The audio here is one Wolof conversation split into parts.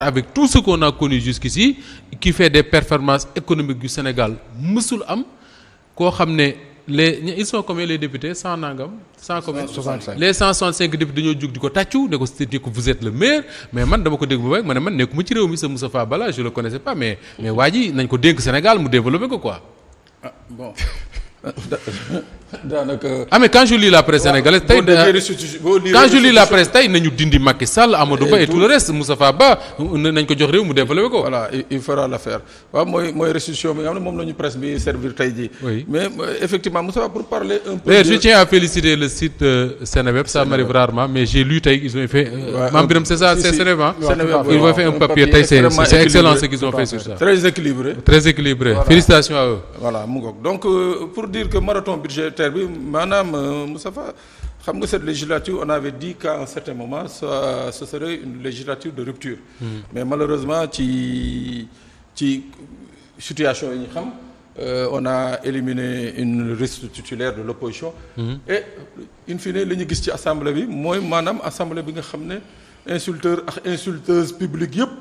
avec tout ce qu'on a connu jusqu'ici qui fait des performances économiques du Sénégal mësul am koo xam ne les ils sont combien cent nangam. cent combien les cent soixante cinq députés dañoo jug di ko tàccu ne ko ne ko vous êtes le maire mais man dama ko dégg ba rek ma ne man nekkuma ci réew mi sa Moustapha Bala je le connaissais pas mais waa ji nañ ko dénk Sénégal mu développé ko quoi. ah daanaka. ah quand je la presse sénégalaise tey euh, quand je la presse tey nañu dindi Macky Sall Amadou Ba et tout le reste Moustapha Ba nañ ko jox réew mu développé ko. il fera l'affaire waaw mooy mooy restitution bi moom la presse bi servir tey jii. mais euh, effectivement Moustapha pour parler un peu. je tiens à féliciter le site euh, Seneweb ça m'arrive rarement mais j'ai lu tey ils ont fait. Mame Birame c'est ça c'est Seneweb ils ont fait un papier tey c'est c'est secrétaire bi maanaam euh, Moustapha xam nga cette législature on avait dit qu'à un certain moment ça ce serait une législature de rupture hmm. mais malheureusement ci ci situation yi ñu xam euh, on a éliminé une liste titulaire de l'opposition mmh. et in li ñu gis ci assemblée bi mooy maanaam assemblée bi nga xam ne insulteur ak insulteuse publique yëpp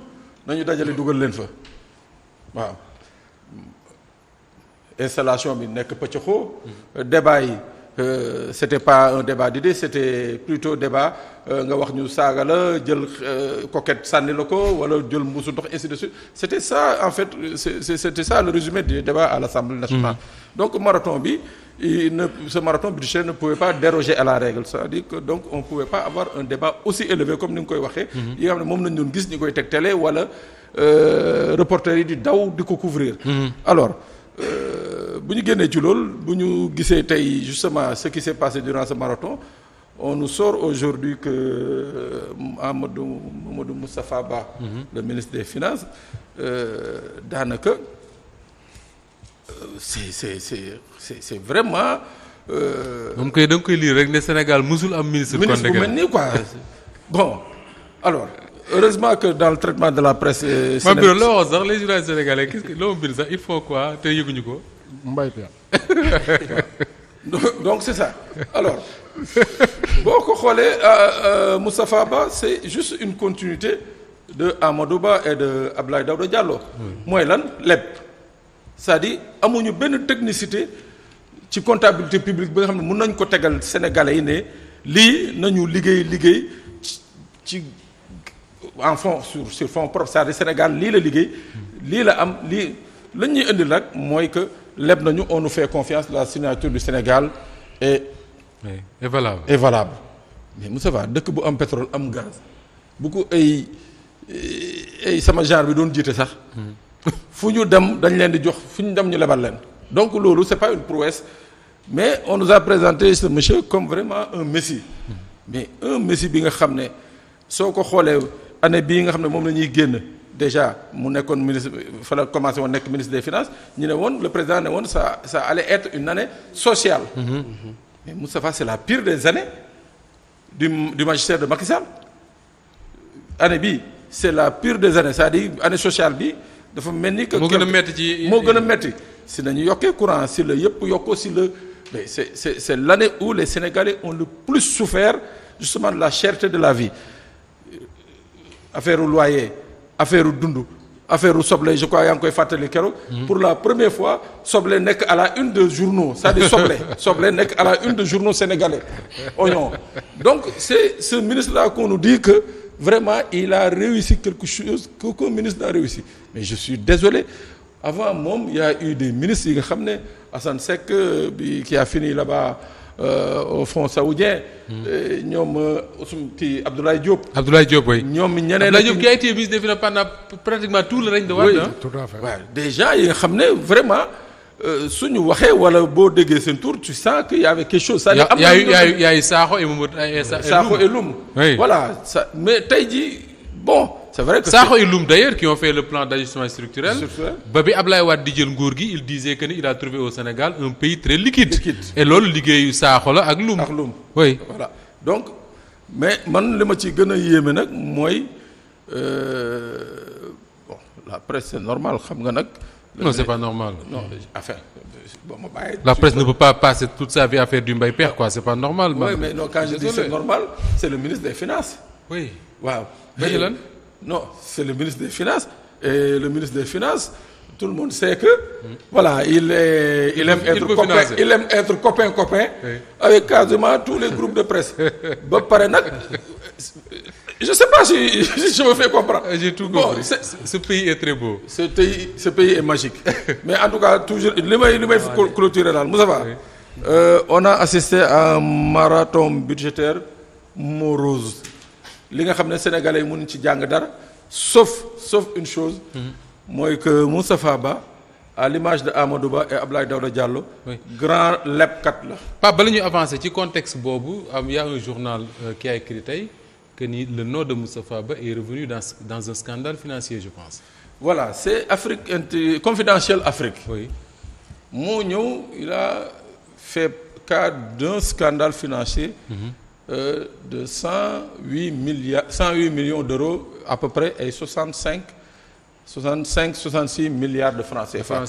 nañu dajale dugal leen fa waaw installation bi nekk pëccëxoo débat yi euh, c'était pas un débat d'idées c'était plutôt débat euh, nga wax ñu saaga la jël euh, coquette sànni la ko wala jël mbuusu ndox ainsi de c'était ça en fait c'était ça le résumé du débat à l'Assemblée nationale mm-hmm. donc marathon bi ne ce marathon budgétaire ne pouvait pas déroger à la règle c'est-à-dire que donc on pouvait pas avoir un débat aussi élevé comme ni nga koy waxee mm-hmm. yi nga ne moom nañ doon gis ñi koy tegtale wala reporters yi di daw di ko couvrir mm-hmm. alors bu ñu génnee ci loolu bu ñu gisee tey justement ce qui s'est passé durant ce marathon on nous sort aujourd'hui que euh, Amadou Mamadou Moustapha Ba mm le ministre des finances euh, daanaka euh, c'est c'est c'est c'est c'est vraiment euh, moom koy da nga koy lire rek ne Sénégal musul am ministre ministre bu mel nii quoi bon alors heureusement que dans le traitement de la presse. Sénégal ma bureau la waxoon sax loo bind sax il faut quoi tey yëguñu ko. mbay peel donc c'est ça alors boo ko xoolee euh, euh, Moustapha Ba c'est juste une continuité de Amadou Ba et de Abdoulaye Daouda Diallo mooy lan leb cest à amuñu benn technicité ci comptabilité publique bi nga xam ne mun nañ ko tegal sénégalais yi ne lii nañu liggéey liggéey ci en fond sur sur fond propre cest Sénégal lii la liggéey lii la am lii lañ ñuy indil nag mooy que leb nañu on nous fait confiance la signature du Sénégal est. oui est valable dëkk bu am pétrole am gaz bu ko ay sama genre bi doon jiite sax. Hmm. fu ñu dem dañ leen di jox fu ñu dem ñu lebal leen. donc loolu c'est pas une prouesse mais on nous a présenté ce monsieur comme vraiment un messie. Hmm. mais un messie bi nga xam ne soo ko xoolee année bii nga xam ne moom la ñuy génn. déjà mu nekkoon ministre fa commencé woon nekk ministre des finances ñu ne woon le président ne woon ça ça allait être une année sociale. Mm-hmm. Mm-hmm. mais Moustapha c'est la pire des années du du magistère de Macky Sall année bii c'est la pire des années cest année sociale bi dafa mel ni. que moo gën a metti moo gën a metti si nañu yokkee courant si la yëpp yokkoo si la mais c'est c'est c'est l'année où les Sénégalais ont le plus souffert justement la cherté de la vie affaire loyer. affaire dund affaire soble je crois yaa ngi koy fàttali keroog. Hmm. pour la première fois soble nekk à la une de journaux c'est-à-dire soble nekk à la une de journaux sénégalais oignon donc c'est ce ministre là qu'on nous dit que vraiment il a réussi quelque chose qu'aucun ministre n'a réussi mais je suis désolé avant moom y' a eu des ministres yi nga xam ne Assane Seck euh, bi qui a fini là-bas euh, au front saoudien. Hmm. Euh, ñoom euh, Ousmane kii Abdoulaye Diop. Abdoulaye Diop oui. ñoom ñeneen Abdoulaye Diop qui a été ministre des Finances pendant pratiquement tout le règne de Wade. oui yi nga xam ne vraiment. su ñu waxee wala boo déggee seen tour tu sens que y avait quelque chose. ça am na lu yaay yaay Sakho sa Mamadou Sakho et Loum voilà ça mais tey jii bon. c'est vrai que Sakho et qui ont fait le plan d'ajustement structurel ba bi Ablaye Wade di jël nguur gi il disait que ni il a trouvé au Sénégal un pays très liquide, et loolu liggéeyu Sakho la ak Loum ak Loum oui donc mais man li ma ci gën a yéeme nag mooy euh, bon la presse c'est normal xam nga nag non c'est pas normal non affaire bon ma bàyyi la presse ne peut pas passer toute sa vie à du mbay peex quoi c'est pas normal oui, mais non quand je c'est normal c'est le ministre des finances oui non c'est le ministre des Finances et le ministre des Finances tout le monde sait que voilà il est il aime être copain il avec quasiment tous les groupes de presse ba pare nag je sais pas si je me fais comprendre. Ah, j'ai tout compris bon ce pays est magique mais en tout cas toujours li may li may clôturer daal Moustapha euh, on a assisté à un marathon budgétaire morose. li nga xam ne sénégalais yi mënuñ ci jàng dara sauf sauf une chose. Mhm. mooy que Moustapha Ba à l'image de Amadou Ba et Abdoulaye Daouda Diallo. Oui. grand lebkat la. Pa bala ñuy avancer ci contexte boobu am y a un journal euh, qui a écrit tey que ni le nom de Moustapha Ba est revenu dans dans un scandale financier je pense. voilà c'est Afrique inti confidentiel Afrique. oui moo ñëw il a fait cas d'un scandale financier. Mhm. Euh, de cent huit milliards cent huit millions d'euros à peu près ay soixante cinq soixante cinq soixante six milliards de français CFA.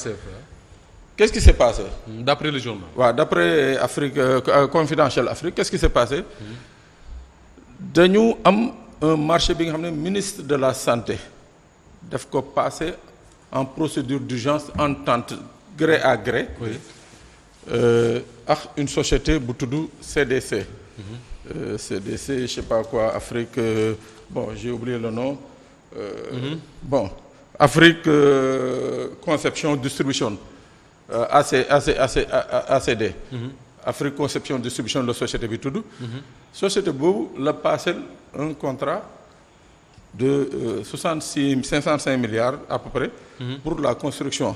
qu'est-ce qui s'est passé. Hmm, d'après le journal. waaw d'après Afrique euh, euh, Confidentiel Afrique qu'est-ce qui s'est passé. Hmm. dañu am un marché bi nga xam ne ministre de la santé def ko passé en procédure d'urgence entente gré à gré. oui ak une société bu tudd CDC. CDC euh, je sais pas quoi Afrique euh, bon j'ai oublié le nom. Mm-hmm. bon mhm. Afrique Conception Distribution AC AC AC ACD. Mm-hmm. Afrique Conception Distribution la société bi tudd. Mhm. société boobu la un contrat. de 66 505 milliards à peu près. Mhm. pour la construction.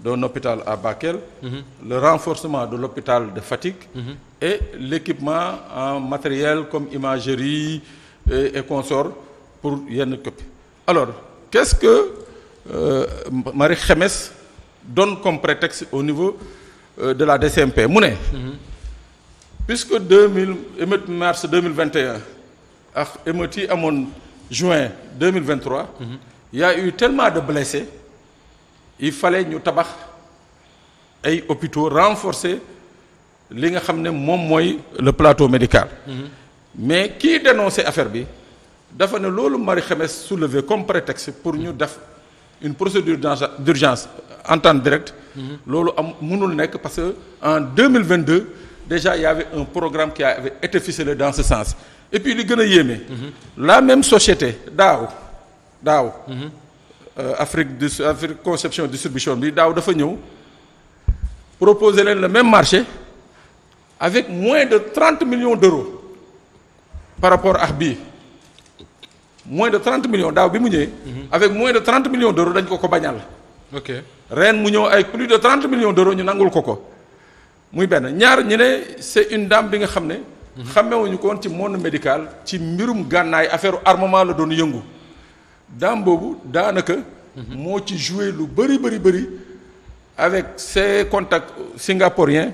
d'un hôpital à Bakel, mhm. renforcement de l'hôpital de Fatick mm -hmm. en matériel comme imagerie et, euh, et consorts pour yenn këpp alors quest que euh, Marie Khemesse donne comme au niveau euh, de la DCMP mu ne mm -hmm. puisque 2000 émeute mars 2021 ak émeute yi amoon juin 2023 il mhm. y a de blessés il fallait ñu tabax ay hôpitaux renforcer li nga xam ne moom mooy le plateau médicale mhm. mais kii dénoncé affaire bi dafa ne loolu Marie Khemesse soulevé comme prétexte pour ñu def une procédure d'urgence en temps direct. Mhm. loolu am mënul nekk parce que en deux mille vingt deux déjà y avait un programme qui avait été ficelé dans ce sens et puis li gën a yéeme. Mhm. la même société daaw daaw. Euh, Afrique du Afrique conception distribution bi daaw dafa ñëw proposer leen le même marché avec moins de trente millions d'euros par rapport ak bii moins de trente millions daaw bi mu ñëwee. Mhm. avec moins de trente millions d'euros dañ ko ko bañal. ok ren mu ñëw ay plus de trente millions d'euros ñu nangul ko ko muy benn ñaar ñu ne c'est une dame bi nga xam ne. Mhm. xamewuñu ko ci monde médical ci mbirum gànnaay affaire armement la doon yëngu. daam boobu daanaka. moo ci joué lu bëri bëri bëri avec ses contacts singapouriens.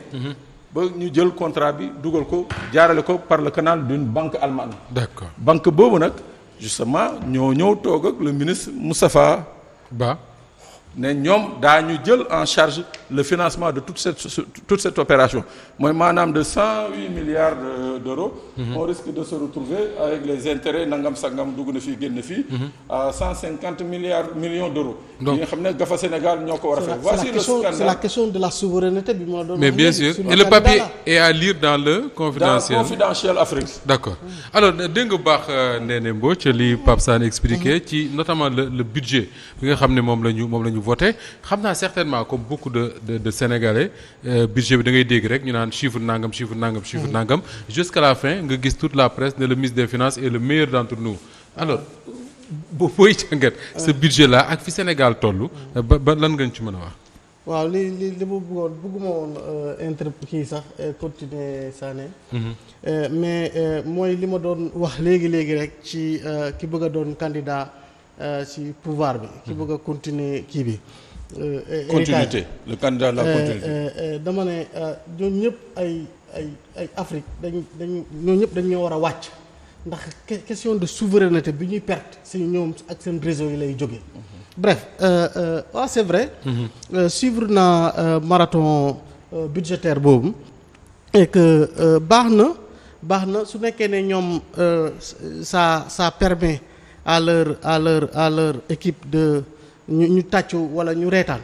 ba ñu jël contrat bi dugal ko jaarale ko par le canal d'une banque allemande. d'accord banque boobu nag justement ñoo ñëw toog ak le ministre Moustapha Ba ne ñoom daa ñu jël en charge. le financement de toute cette toute cette opération mooy maanaam de cent huit milliards d'euros mhm. on risque de se retrouver avec les intérêts nangam sangam dugg na fii génn fii mhm. à cent cinquante milliards millions d'euros yi nga xam ne gafa Sénégal ñoo ko war a fekk voici le scandale c'est la question de la souveraineté mais bien sûr le papier est à lire dans le confidentiel dans confidentiel Afrique d'accord alors dégg nga baax euh, Ndéné Mbodj li Pape expliqué mhm. ci notamment le budget bi nga xam ne moom la ñu moom la ñu voté xam naa certainement comme beaucoup de de de sénégalais euh, budget bi da ngay dégg rek ñu naan chiffre nangam chiffre nangam chiffre nangam jusqu'à la fin nga gis tout la presse ne le ministre des finances est le meilleur d'entre nous alors boo booy jàngat ce budget là ak fi Sénégal toll ba ba lan nga ñu ci mën a wax waaw li li li ma bëggoon bëgguma woon euh, inter kii sax euh, continuer Sané mhm. mais mooy li ma doon wax léegi léegi rek ci ki bëgg a doon candidat ci pouvoir bi ki mhm. bëgg a continuer kii bi Euh, euh, continuité le candidat de la euh, continuité dama ne ñoom ñëpp ay ay ay Afrique dañ dañ ñoom ñëpp dañ war a wàcc ndax question de souveraineté bi ñuy perte si ñoom ak seen réseau yi lay jógee mhm. bref waaw c'est vrai mhm. suivre naa marathon budgétaire boobu et baax na baax na su nekkee ne ñoom ça ça permet à leur à leur à leur équipe de ñu ñu tàccu wala ñu reetaan